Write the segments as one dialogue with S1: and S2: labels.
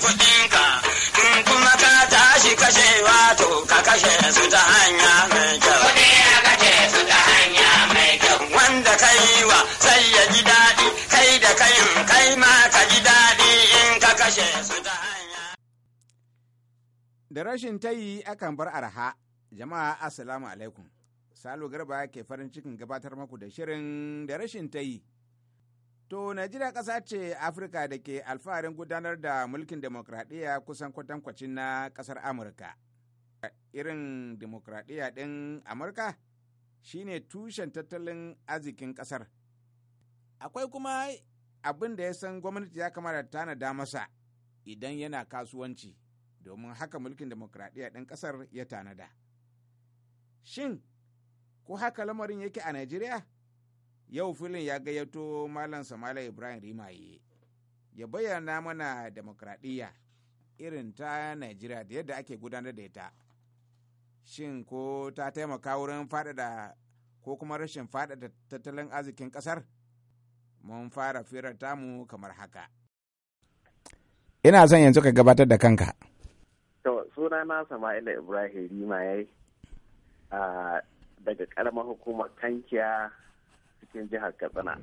S1: sami in kuma ka tashi kashe wato ka kashe su ta hanya mai kyau. su ta hanya mai kyau. Wanda ka yi wa sai ya ji daɗi kai da kayin kai ma ka ji daɗi in ka kashe su ta hanya.
S2: Da rashin tayi akan bar arha jama'a assalamu alaikum. Salo Garba ke farin cikin gabatar maku da shirin da rashin tayi. To, Najeriya ƙasa ce Afirka da ke alfaharin gudanar da mulkin demokradiyya kusan kwatankwacin na ƙasar Amurka. Irin demokradiyya ɗin Amurka shi ne tushen tattalin arzikin ƙasar. Akwai kuma abin da ya san gwamnati ya kamata tanada masa idan yana kasuwanci, domin haka mulkin demokradiyya ɗin ƙasar ya tanada. Shin, ko haka lamarin yake a Najeriya? yau filin ya gayyato malam samala ibrahim rimaye ya bayyana mana demokradiyya irin ta najeriya da yadda ake gudanar da ita shin ko ta taimaka wurin faɗaɗa ko kuma rashin faɗaɗa tattalin arzikin ƙasar mun fara firar tamu kamar haka ina son yanzu ka gabatar da kanka
S1: to suna na sama'ila ibrahim rimaye ah, daga ƙaramar hukumar kankiya cikin jihar katsina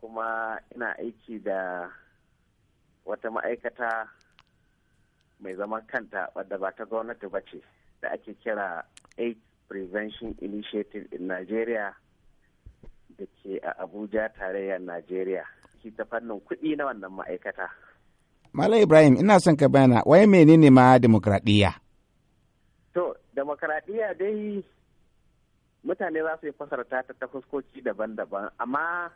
S1: kuma ina aiki da wata ma'aikata mai zaman kanta wadda ba ta gwamnati ba ce da ake kira AIDS Prevention Initiative in Nigeria da ke a Abuja tarayyar Nigeria. Ki ta fannin kuɗi na wannan ma'aikata.
S2: Malam Ibrahim, ina son ka bayana, wai menene ma demokradiyya?
S1: To, demokradiyya dai mutane za su yi fasarta ta ta fuskoki daban-daban amma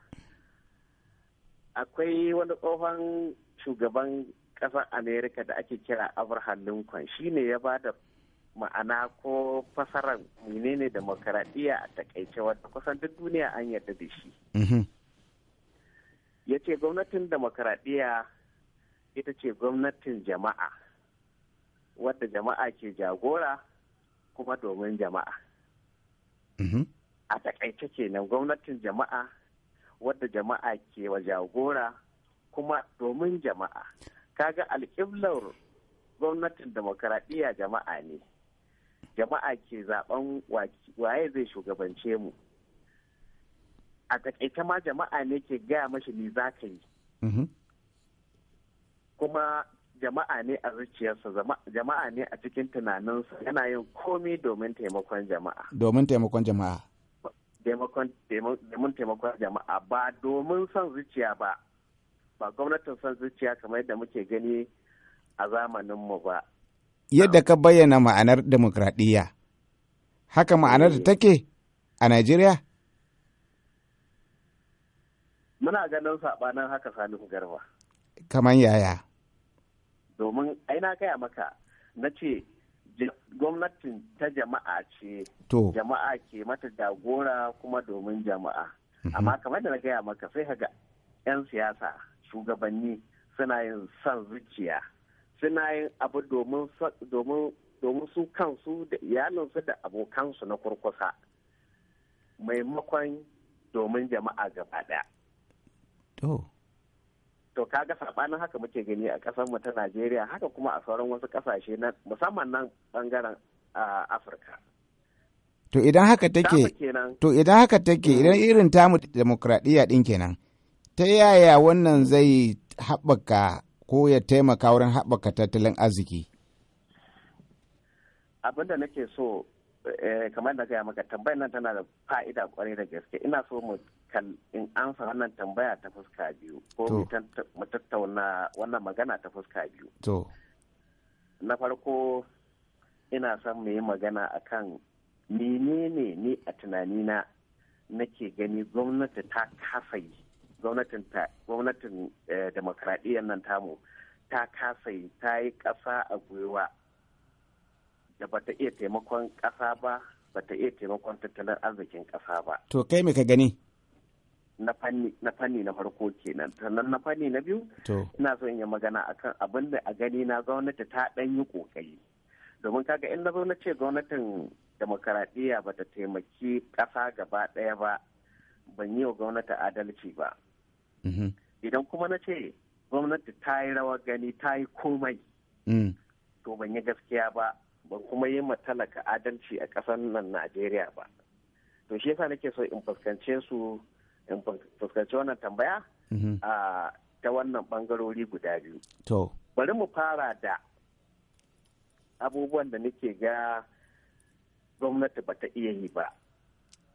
S1: akwai wani tsohon shugaban ƙasar amerika da ake kira abraham lincoln shine ya ba da ma'ana ko fasarar menene demokaradiyya a takaice wadda kusan duk duniya an yarda da shi mhm. ya ce gwamnatin demokaradiyya ita ce gwamnatin jama'a wadda jama'a ke jagora kuma domin jama'a Mm-hmm. a takaice kenan gwamnatin jama'a wadda jama'a ke wa jagora kuma domin jama'a kaga alƙiblar gwamnatin demokaradiyya jama'a ne jama'a ke zaben waye zai shugabance mu a takaita ma jama'a ne ke gaya mashi ni za ka yi mm-hmm. kuma jama'a ne a zuciyarsa jama'a ne a cikin tunaninsa yana yin komi domin taimakon jama'a
S2: domin taimakon jama'a
S1: domin taimakon jama'a ba domin son zuciya ba ba gwamnatin son zuciya kamar yadda muke gani a zamaninmu ba
S2: yadda ka bayyana ma'anar demokradiyya haka ma'anar da eh. take a najeriya
S1: muna ganin saɓanin haka salihu garba
S2: kamar yaya
S1: domin aina gaya maka na ce gwamnatin ta jama'a ce jama'a ke mata jagora kuma domin jama'a mhm. amma kamar da na gaya maka sai kaga 'yan siyasa shugabanni suna yin son zuciya suna yin abu domin su kansu da iyalinsu da abokansu na kurkusa maimakon domin jama'a gaba daya to kaga saɓanin haka muke gani a ƙasar mu ta Najeriya haka kuma a sauran wasu kasashe na musamman nan bangaren Afirka
S2: to idan haka take to idan haka take mm. idan irin tamu demokradiya din kenan ta yaya wannan zai haɓaka ko ya taimaka wurin haɓaka tattalin arziki
S1: abinda nake so Eh, kamar da gaya maka tambayar nan tana da fa'ida kwarai da gaske ina so mu in ansa wannan tambaya ta fuska biyu ko mu tattauna wannan magana ta fuska biyu to na farko ina son mu yi magana akan menene ni a tunanina nake gani gwamnati ta kasa yi gwamnatin eh, demokradiyyar nan tamu ta kasa yi ta yi kasa a gwiwa da bata iya taimakon ƙasa ba bata iya taimakon tattalin arzikin kasa ba.
S2: To kai me ka gani?
S1: Na fanni na farko kenan sannan na fanni na biyu ina so in yi magana akan abin da a gani na gwamnati ta ɗan yi kokari domin kaga in na zo na ce gwamnatin demokaradiyya bata taimaki ƙasa gaba daya ba ban yi wa gwamnati adalci ba. Mm-hmm. Idan kuma na ce gwamnati ta yi rawar gani ta yi komai mm. to ban yi gaskiya ba ban kuma yi talaka adalci a ƙasar nan najeriya ba to shi yasa nake so in fuskance su in fuskance wannan tambaya mhm. a ta wannan bangarori guda biyu to bari mu fara da abubuwan da nake ga gwamnati ba ta iya yi ba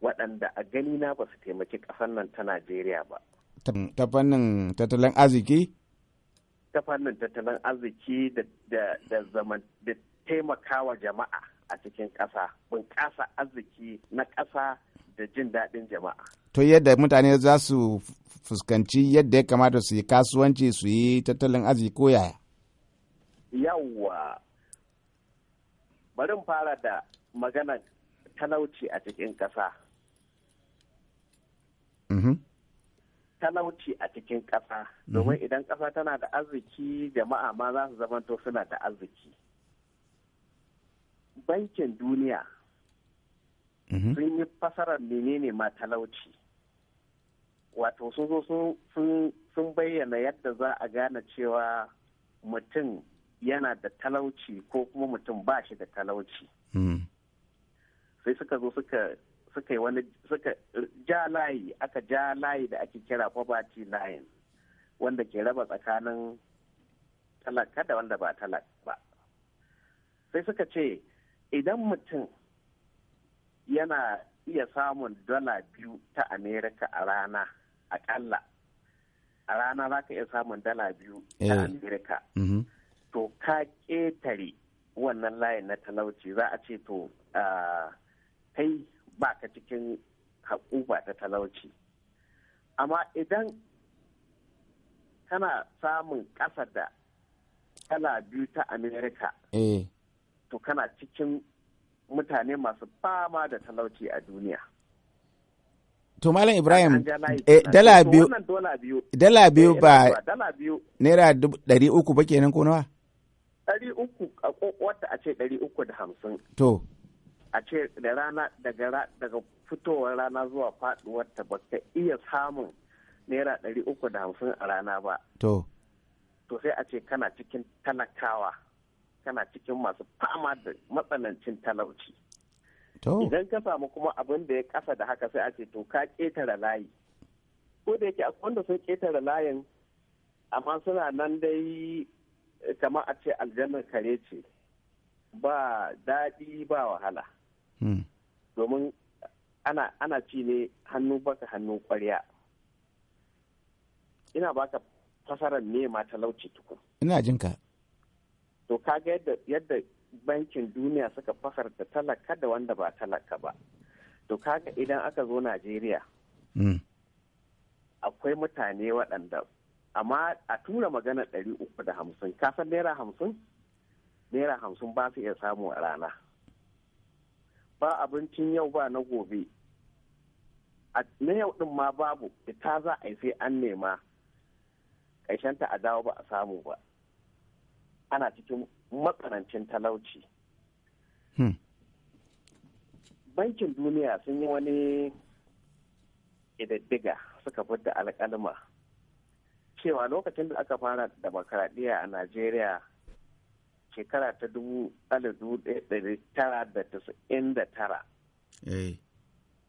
S1: waɗanda a gani na ba su taimaki ƙasar nan ta najeriya ba
S2: ta fannin tattalin arziki
S1: ta fannin tattalin arziki da taimakawa jama'a a cikin ƙasa bunƙasa arziki na ƙasa da jin daɗin jama'a.
S2: To yadda mutane za su fuskanci yadda ya kamata su yi kasuwanci su yi tattalin arziki ko yaya?
S1: Yawwa, bari fara da magana talauci a cikin ƙasa. Mm-hmm. talauci a cikin ƙasa mm-hmm. domin idan ƙasa tana da arziki jama'a ma za su zamanto suna da arziki. bankin duniya mhm. sun yi fasarar menene ma talauci wato sun zo sun bayyana yadda za a gane cewa mutum yana da talauci ko kuma mutum ba shi da talauci hmm. sai suka zo suka suka yi wani suka ja layi aka ja layi da ake kira poverty line wanda ke raba tsakanin talaka da wanda ba talaka ba sai suka ce idan mutum yana iya samun dala biyu ta amerika a rana akalla a rana za ka iya samun dala biyu ta eh. amerika mm-hmm. to ka ƙetare wannan layin na talauci za a ce to kai ba ka cikin haƙuba ta talauci amma idan kana samun ƙasa da dala biyu ta amerika eh. to kana cikin mutane masu fama da talauci a duniya.
S2: To Malam Ibrahim, eh, dala biyu, dala biyu eh, ba, naira ɗari uku ba kenan ko nawa?
S1: Ɗari uku, a wata a ce ɗari uku da hamsin. To. A ce da rana daga fitowar rana zuwa faɗuwar ta ba ka iya samun naira ɗari uku da hamsin a rana ba. To. To sai a ce kana cikin talakawa. kana cikin masu fama da matsanancin talauci idan ka samu kuma abin da ya kasa da haka sai a ce to ka ketare layi ko da yake akwai wanda sun ketare layin amma suna nan dai eh, kamar a ce aljannar kare ce ba daɗi ba wahala hmm. domin ana, ana ci ne hannu baka hannu ƙwarya ina baka fasarar ne ma talauci tukun ina jinka to kaga yadda bankin duniya suka fakarta talaka da wanda ba talaka ba to kaga idan aka zo najeriya hmm. akwai mutane waɗanda amma a tura magana ɗari uku da hamsin kasan naira hamsin naira hamsin ba su iya samu a rana ba abincin yau ba na gobe a na yau din ma babu ita za a yi sai an nema ƙarshenta a dawo ba a samu ba ana cikin matsanancin talauci. Hmm. Bankin duniya sun yi wani ƙididdiga suka fidda alƙalma cewa lokacin da aka fara demokaradiyya a Najeriya shekara ta dubu tara da tasa'in da tara. Eh.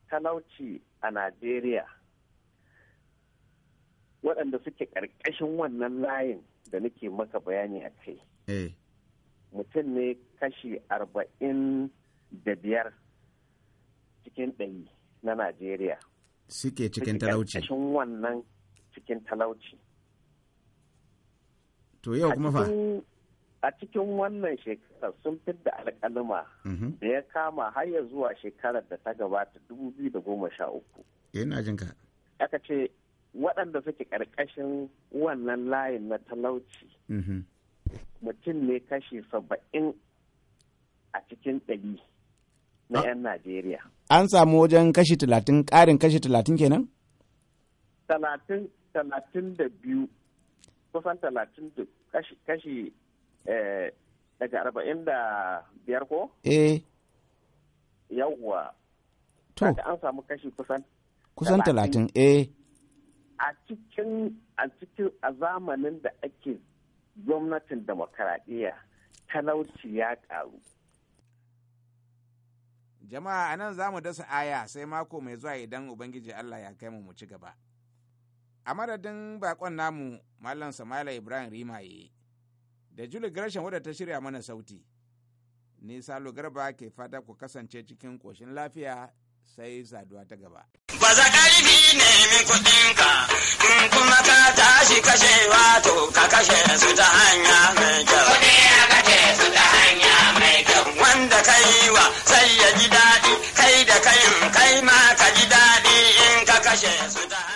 S1: Talauci a Najeriya waɗanda suke ƙarƙashin wannan layin da nake maka bayani a kai Eh. mutum ne kashi arba'in da biyar cikin ɗari na najeriya
S2: suke cikin talauci
S1: cikin wannan cikin talauci
S2: to yau kuma fa
S1: a cikin wannan shekarar sun fidda alƙaluma mm-hmm. da ya kama har ya zuwa shekarar da ta gabata 2013
S2: yana jin ka
S1: aka ce waɗanda suke ƙarƙashin wannan layin na talauci mm-hmm. mutum ne kashi saba'in a cikin ɗari na 'yan ah. Najeriya.
S2: An samu wajen kashi talatin ƙarin kashi talatin kenan?
S1: Talatin talatin da biyu kusan talatin da kashi eh, daga arba'in da biyar ko? Eh. Yawwa. To. an samu kashi kusan.
S2: Kusan talatin eh.
S1: A cikin a cikin a zamanin da ake gwamnatin demokaradiyya talauci ya ƙaru.
S2: Jama'a a nan za mu dasa aya sai mako mai zuwa idan Ubangiji Allah ya kai mu mu ci gaba. A madadin bakon namu Malam Samala Ibrahim Rimaye da Juli Gresham wadda ta shirya mana sauti. Ni Salo Garba ke fata ku kasance cikin ƙoshin lafiya sai saduwa ta gaba.
S1: Ba za bi nemi kuɗinka
S2: in kuma ka tashi
S1: kashe wato ka kashe su ta hanya mai kyau. Kuɗi ya kashe su ta hanya mai kyau. Wanda ka yi wa sai ya ji daɗi kai da kayin kai ma
S3: ka ji daɗi in ka kashe su ta hanya.